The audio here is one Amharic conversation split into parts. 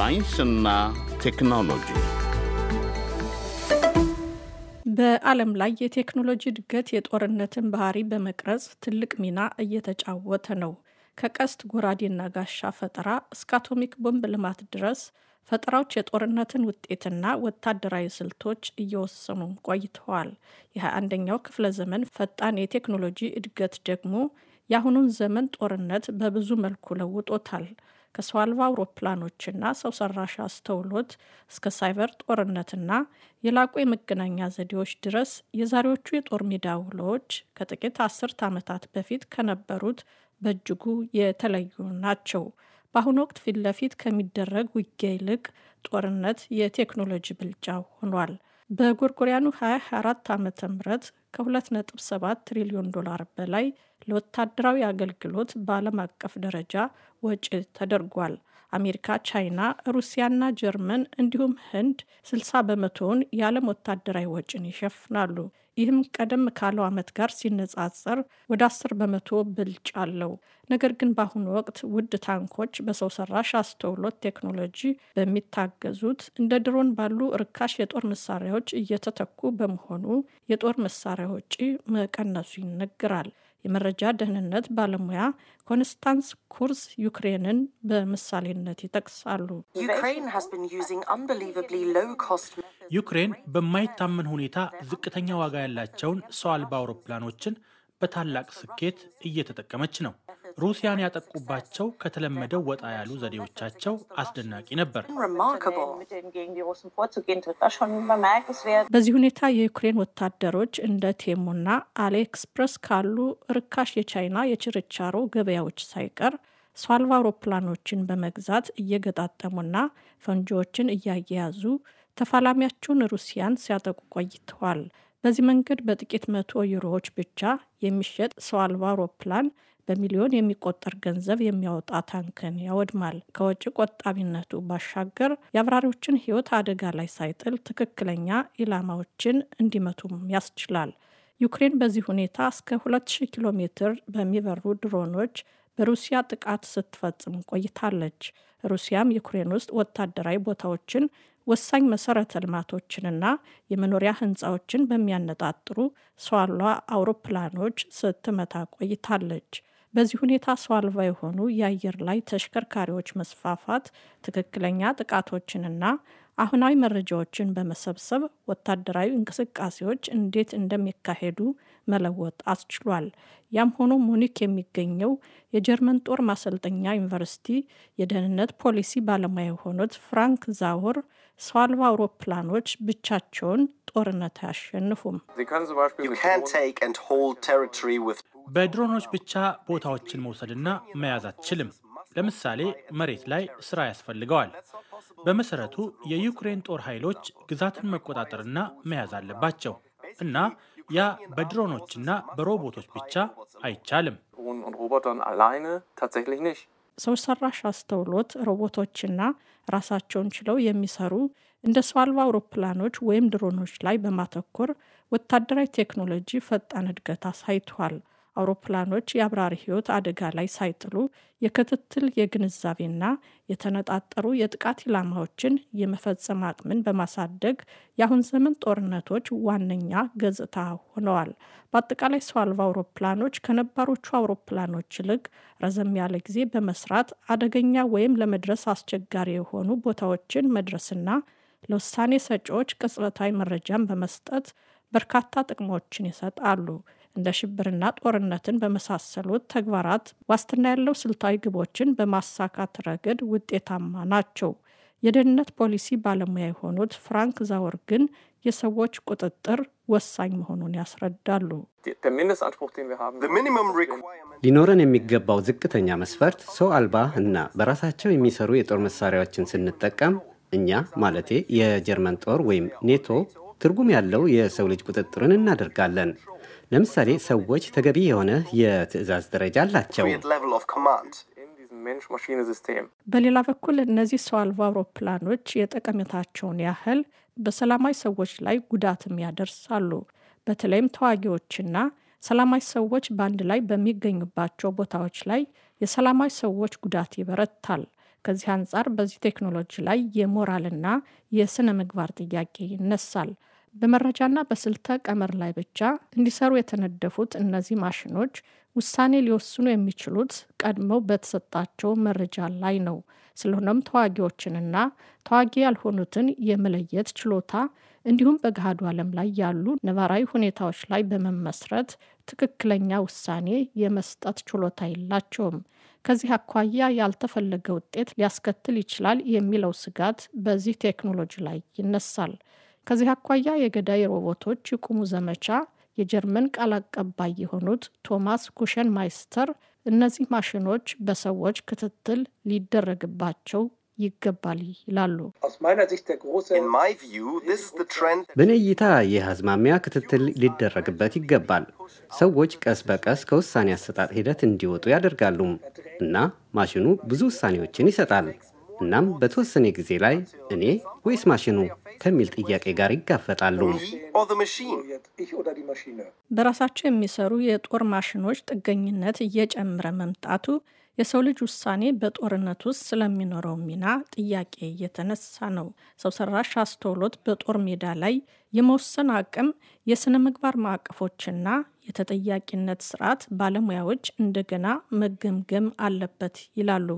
ሳይንስና ቴክኖሎጂ በዓለም ላይ የቴክኖሎጂ እድገት የጦርነትን ባህሪ በመቅረጽ ትልቅ ሚና እየተጫወተ ነው። ከቀስት ጎራዴና ጋሻ ፈጠራ እስከ አቶሚክ ቦምብ ልማት ድረስ ፈጠራዎች የጦርነትን ውጤትና ወታደራዊ ስልቶች እየወሰኑ ቆይተዋል። የ21ኛው ክፍለ ዘመን ፈጣን የቴክኖሎጂ እድገት ደግሞ የአሁኑን ዘመን ጦርነት በብዙ መልኩ ለውጦታል። ከሰው አልባ አውሮፕላኖችና ሰው ሰራሽ አስተውሎት እስከ ሳይበር ጦርነትና የላቁ የመገናኛ ዘዴዎች ድረስ የዛሬዎቹ የጦር ሜዳ ውሎዎች ከጥቂት አስርት ዓመታት በፊት ከነበሩት በእጅጉ የተለዩ ናቸው። በአሁኑ ወቅት ፊት ለፊት ከሚደረግ ውጊያ ይልቅ ጦርነት የቴክኖሎጂ ብልጫ ሆኗል። በጎርጎሪያኑ 24 ዓ ም ከ2.7 ትሪሊዮን ዶላር በላይ ለወታደራዊ አገልግሎት በዓለም አቀፍ ደረጃ ወጪ ተደርጓል። አሜሪካ፣ ቻይና፣ ሩሲያና ጀርመን እንዲሁም ህንድ 60 በመቶውን የዓለም ወታደራዊ ወጪን ይሸፍናሉ። ይህም ቀደም ካለው ዓመት ጋር ሲነጻጸር ወደ 10 በመቶ ብልጫ አለው። ነገር ግን በአሁኑ ወቅት ውድ ታንኮች በሰው ሰራሽ አስተውሎት ቴክኖሎጂ በሚታገዙት እንደ ድሮን ባሉ ርካሽ የጦር መሳሪያዎች እየተተኩ በመሆኑ የጦር መሳሪያ ወጪ መቀነሱ ይነገራል። የመረጃ ደህንነት ባለሙያ ኮንስታንስ ኩርስ ዩክሬንን በምሳሌነት ይጠቅሳሉ። ዩክሬን በማይታመን ሁኔታ ዝቅተኛ ዋጋ ያላቸውን ሰው አልባ አውሮፕላኖችን በታላቅ ስኬት እየተጠቀመች ነው። ሩሲያን ያጠቁባቸው ከተለመደው ወጣ ያሉ ዘዴዎቻቸው አስደናቂ ነበር። በዚህ ሁኔታ የዩክሬን ወታደሮች እንደ ቴሙና አሌክስፕረስ ካሉ ርካሽ የቻይና የችርቻሮ ገበያዎች ሳይቀር ሰው አልባ አውሮፕላኖችን በመግዛት እየገጣጠሙና ፈንጂዎችን እያያያዙ ተፋላሚያቸውን ሩሲያን ሲያጠቁ ቆይተዋል። በዚህ መንገድ በጥቂት መቶ ዩሮዎች ብቻ የሚሸጥ ሰው አልባ አውሮፕላን በሚሊዮን የሚቆጠር ገንዘብ የሚያወጣ ታንክን ያወድማል። ከወጪ ቆጣቢነቱ ባሻገር የአብራሪዎችን ሕይወት አደጋ ላይ ሳይጥል ትክክለኛ ኢላማዎችን እንዲመቱም ያስችላል። ዩክሬን በዚህ ሁኔታ እስከ 200 ኪሎ ሜትር በሚበሩ ድሮኖች በሩሲያ ጥቃት ስትፈጽም ቆይታለች። ሩሲያም ዩክሬን ውስጥ ወታደራዊ ቦታዎችን፣ ወሳኝ መሰረተ ልማቶችንና የመኖሪያ ሕንፃዎችን በሚያነጣጥሩ ሰው አልባ አውሮፕላኖች ስትመታ ቆይታለች። በዚህ ሁኔታ ሰው አልባ የሆኑ የአየር ላይ ተሽከርካሪዎች መስፋፋት ትክክለኛ ጥቃቶችንና አሁናዊ መረጃዎችን በመሰብሰብ ወታደራዊ እንቅስቃሴዎች እንዴት እንደሚካሄዱ መለወጥ አስችሏል። ያም ሆኖ ሙኒክ የሚገኘው የጀርመን ጦር ማሰልጠኛ ዩኒቨርሲቲ የደህንነት ፖሊሲ ባለሙያ የሆኑት ፍራንክ ዛወር ሰው አልባ አውሮፕላኖች ብቻቸውን ጦርነት አያሸንፉም። በድሮኖች ብቻ ቦታዎችን መውሰድና መያዝ አትችልም። ለምሳሌ መሬት ላይ ስራ ያስፈልገዋል። በመሰረቱ የዩክሬን ጦር ኃይሎች ግዛትን መቆጣጠርና መያዝ አለባቸው እና ያ በድሮኖችና በሮቦቶች ብቻ አይቻልም። ሰው ሰራሽ አስተውሎት ሮቦቶችና ራሳቸውን ችለው የሚሰሩ እንደ ሰው አልባ አውሮፕላኖች ወይም ድሮኖች ላይ በማተኮር ወታደራዊ ቴክኖሎጂ ፈጣን እድገት አሳይቷል። አውሮፕላኖች የአብራሪ ሕይወት አደጋ ላይ ሳይጥሉ የክትትል የግንዛቤና የተነጣጠሩ የጥቃት ኢላማዎችን የመፈጸም አቅምን በማሳደግ የአሁን ዘመን ጦርነቶች ዋነኛ ገጽታ ሆነዋል። በአጠቃላይ ሰው አልባ አውሮፕላኖች ከነባሮቹ አውሮፕላኖች ይልቅ ረዘም ያለ ጊዜ በመስራት አደገኛ ወይም ለመድረስ አስቸጋሪ የሆኑ ቦታዎችን መድረስና ለውሳኔ ሰጪዎች ቅጽበታዊ መረጃን በመስጠት በርካታ ጥቅሞችን ይሰጣሉ። እንደ ሽብርና ጦርነትን በመሳሰሉት ተግባራት ዋስትና ያለው ስልታዊ ግቦችን በማሳካት ረገድ ውጤታማ ናቸው። የደህንነት ፖሊሲ ባለሙያ የሆኑት ፍራንክ ዛወር ግን የሰዎች ቁጥጥር ወሳኝ መሆኑን ያስረዳሉ። ሊኖረን የሚገባው ዝቅተኛ መስፈርት ሰው አልባ እና በራሳቸው የሚሰሩ የጦር መሳሪያዎችን ስንጠቀም እኛ ማለቴ የጀርመን ጦር ወይም ኔቶ ትርጉም ያለው የሰው ልጅ ቁጥጥርን እናደርጋለን። ለምሳሌ ሰዎች ተገቢ የሆነ የትዕዛዝ ደረጃ አላቸው። በሌላ በኩል እነዚህ ሰው አልባ አውሮፕላኖች የጠቀሜታቸውን ያህል በሰላማዊ ሰዎች ላይ ጉዳትም ያደርሳሉ። በተለይም ተዋጊዎችና ሰላማዊ ሰዎች በአንድ ላይ በሚገኙባቸው ቦታዎች ላይ የሰላማዊ ሰዎች ጉዳት ይበረታል። ከዚህ አንጻር በዚህ ቴክኖሎጂ ላይ የሞራልና የስነ ምግባር ጥያቄ ይነሳል። በመረጃና በስልተ ቀመር ላይ ብቻ እንዲሰሩ የተነደፉት እነዚህ ማሽኖች ውሳኔ ሊወስኑ የሚችሉት ቀድመው በተሰጣቸው መረጃ ላይ ነው። ስለሆነም ተዋጊዎችንና ተዋጊ ያልሆኑትን የመለየት ችሎታ እንዲሁም በገሃዱ ዓለም ላይ ያሉ ነባራዊ ሁኔታዎች ላይ በመመስረት ትክክለኛ ውሳኔ የመስጠት ችሎታ የላቸውም። ከዚህ አኳያ ያልተፈለገ ውጤት ሊያስከትል ይችላል የሚለው ስጋት በዚህ ቴክኖሎጂ ላይ ይነሳል። ከዚህ አኳያ የገዳይ ሮቦቶች ይቁሙ ዘመቻ የጀርመን ቃል አቀባይ የሆኑት ቶማስ ኩሸን ማይስተር እነዚህ ማሽኖች በሰዎች ክትትል ሊደረግባቸው ይገባል ይላሉ። በእኔ እይታ ይህ አዝማሚያ ክትትል ሊደረግበት ይገባል። ሰዎች ቀስ በቀስ ከውሳኔ አሰጣጥ ሂደት እንዲወጡ ያደርጋሉ እና ማሽኑ ብዙ ውሳኔዎችን ይሰጣል። እናም በተወሰነ ጊዜ ላይ እኔ ወይስ ማሽኑ ከሚል ጥያቄ ጋር ይጋፈጣሉ። በራሳቸው የሚሰሩ የጦር ማሽኖች ጥገኝነት እየጨመረ መምጣቱ የሰው ልጅ ውሳኔ በጦርነት ውስጥ ስለሚኖረው ሚና ጥያቄ እየተነሳ ነው። ሰው ሰራሽ አስተውሎት በጦር ሜዳ ላይ የመወሰን አቅም፣ የሥነ ምግባር ማዕቀፎችና የተጠያቂነት ስርዓት ባለሙያዎች እንደገና መገምገም አለበት ይላሉ።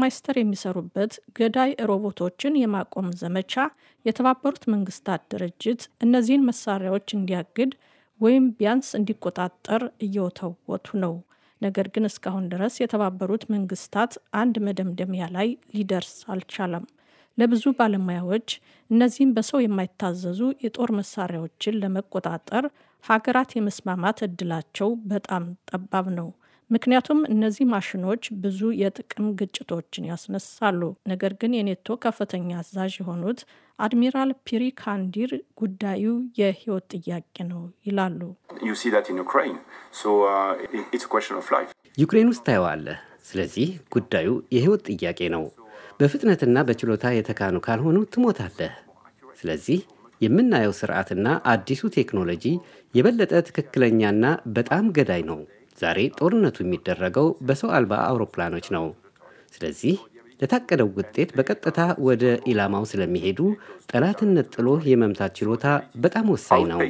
ማይስተር የሚሰሩበት ገዳይ ሮቦቶችን የማቆም ዘመቻ የተባበሩት መንግስታት ድርጅት እነዚህን መሳሪያዎች እንዲያግድ ወይም ቢያንስ እንዲቆጣጠር እየወተወቱ ነው። ነገር ግን እስካሁን ድረስ የተባበሩት መንግስታት አንድ መደምደሚያ ላይ ሊደርስ አልቻለም። ለብዙ ባለሙያዎች እነዚህም በሰው የማይታዘዙ የጦር መሳሪያዎችን ለመቆጣጠር ሀገራት የመስማማት እድላቸው በጣም ጠባብ ነው። ምክንያቱም እነዚህ ማሽኖች ብዙ የጥቅም ግጭቶችን ያስነሳሉ። ነገር ግን የኔቶ ከፍተኛ አዛዥ የሆኑት አድሚራል ፒሪ ካንዲር ጉዳዩ የህይወት ጥያቄ ነው ይላሉ። uh, ዩክሬን ውስጥ ታየዋለህ። ስለዚህ ጉዳዩ የህይወት ጥያቄ ነው። በፍጥነትና በችሎታ የተካኑ ካልሆኑ ትሞታለህ። ስለዚህ የምናየው ስርዓትና አዲሱ ቴክኖሎጂ የበለጠ ትክክለኛና በጣም ገዳይ ነው። ዛሬ ጦርነቱ የሚደረገው በሰው አልባ አውሮፕላኖች ነው። ስለዚህ ለታቀደው ውጤት በቀጥታ ወደ ኢላማው ስለሚሄዱ ጠላትነት ጥሎ የመምታት ችሎታ በጣም ወሳኝ ነው።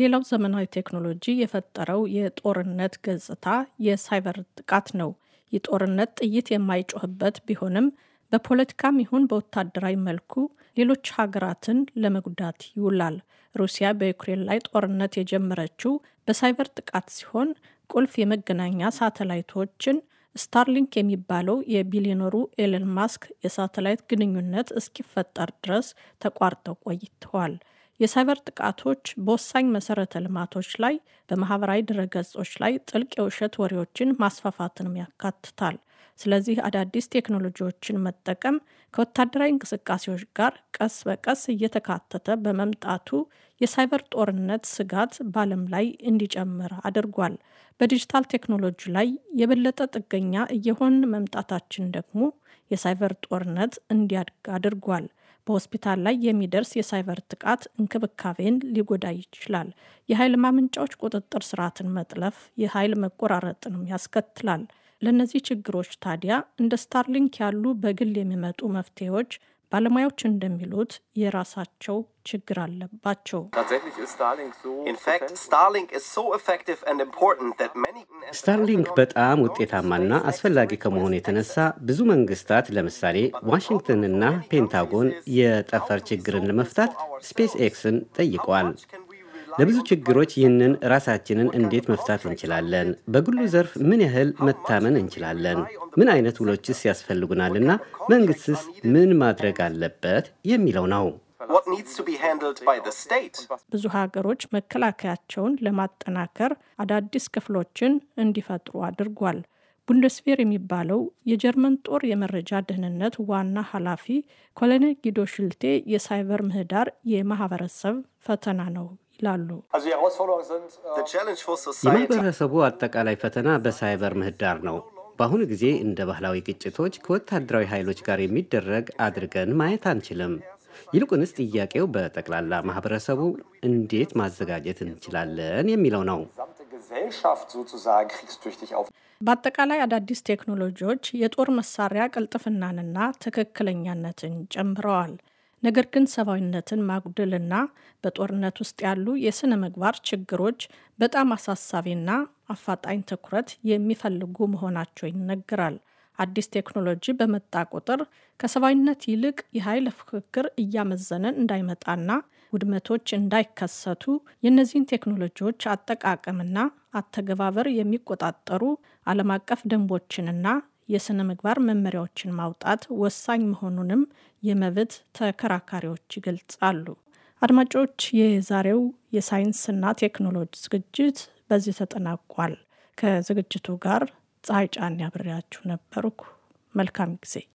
ሌላው ዘመናዊ ቴክኖሎጂ የፈጠረው የጦርነት ገጽታ የሳይበር ጥቃት ነው። የጦርነት ጥይት የማይጮህበት ቢሆንም በፖለቲካም ይሁን በወታደራዊ መልኩ ሌሎች ሀገራትን ለመጉዳት ይውላል። ሩሲያ በዩክሬን ላይ ጦርነት የጀመረችው በሳይበር ጥቃት ሲሆን ቁልፍ የመገናኛ ሳተላይቶችን ስታርሊንክ የሚባለው የቢሊዮነሩ ኤለን ማስክ የሳተላይት ግንኙነት እስኪፈጠር ድረስ ተቋርጠው ቆይተዋል። የሳይበር ጥቃቶች በወሳኝ መሰረተ ልማቶች ላይ፣ በማህበራዊ ድረገጾች ላይ ጥልቅ የውሸት ወሬዎችን ማስፋፋትንም ያካትታል። ስለዚህ አዳዲስ ቴክኖሎጂዎችን መጠቀም ከወታደራዊ እንቅስቃሴዎች ጋር ቀስ በቀስ እየተካተተ በመምጣቱ የሳይበር ጦርነት ስጋት በዓለም ላይ እንዲጨምር አድርጓል። በዲጂታል ቴክኖሎጂ ላይ የበለጠ ጥገኛ እየሆን መምጣታችን ደግሞ የሳይበር ጦርነት እንዲያድግ አድርጓል። በሆስፒታል ላይ የሚደርስ የሳይበር ጥቃት እንክብካቤን ሊጎዳ ይችላል። የኃይል ማመንጫዎች ቁጥጥር ስርዓትን መጥለፍ የኃይል መቆራረጥንም ያስከትላል። ለእነዚህ ችግሮች ታዲያ እንደ ስታርሊንክ ያሉ በግል የሚመጡ መፍትሄዎች ባለሙያዎች እንደሚሉት የራሳቸው ችግር አለባቸው። ስታርሊንክ በጣም ውጤታማና አስፈላጊ ከመሆኑ የተነሳ ብዙ መንግስታት ለምሳሌ ዋሽንግተንና ፔንታጎን የጠፈር ችግርን ለመፍታት ስፔስ ኤክስን ጠይቀዋል። ለብዙ ችግሮች ይህንን ራሳችንን እንዴት መፍታት እንችላለን? በግሉ ዘርፍ ምን ያህል መታመን እንችላለን? ምን አይነት ውሎችስ ያስፈልጉናልና መንግስትስ ምን ማድረግ አለበት የሚለው ነው። ብዙ ሀገሮች መከላከያቸውን ለማጠናከር አዳዲስ ክፍሎችን እንዲፈጥሩ አድርጓል። ቡንደስቬር የሚባለው የጀርመን ጦር የመረጃ ደህንነት ዋና ኃላፊ ኮሎኔል ጊዶ ሽልቴ የሳይበር ምህዳር የማህበረሰብ ፈተና ነው ይላሉ። የማህበረሰቡ አጠቃላይ ፈተና በሳይበር ምህዳር ነው። በአሁኑ ጊዜ እንደ ባህላዊ ግጭቶች ከወታደራዊ ኃይሎች ጋር የሚደረግ አድርገን ማየት አንችልም። ይልቁንስ ጥያቄው በጠቅላላ ማህበረሰቡ እንዴት ማዘጋጀት እንችላለን የሚለው ነው። በአጠቃላይ አዳዲስ ቴክኖሎጂዎች የጦር መሳሪያ ቅልጥፍናንና ትክክለኛነትን ጨምረዋል። ነገር ግን ሰብአዊነትን ማጉደልና በጦርነት ውስጥ ያሉ የሥነ ምግባር ችግሮች በጣም አሳሳቢና አፋጣኝ ትኩረት የሚፈልጉ መሆናቸው ይነገራል። አዲስ ቴክኖሎጂ በመጣ ቁጥር ከሰብአዊነት ይልቅ የኃይል ፍክክር እያመዘነ እንዳይመጣና ውድመቶች እንዳይከሰቱ የእነዚህን ቴክኖሎጂዎች አጠቃቀምና አተገባበር የሚቆጣጠሩ ዓለም አቀፍ ደንቦችንና የሥነ ምግባር መመሪያዎችን ማውጣት ወሳኝ መሆኑንም የመብት ተከራካሪዎች ይገልጻሉ። አድማጮች፣ የዛሬው የሳይንስና ቴክኖሎጂ ዝግጅት በዚህ ተጠናቋል። ከዝግጅቱ ጋር ፀሐይ ጫን ያብሬያችሁ ነበርኩ። መልካም ጊዜ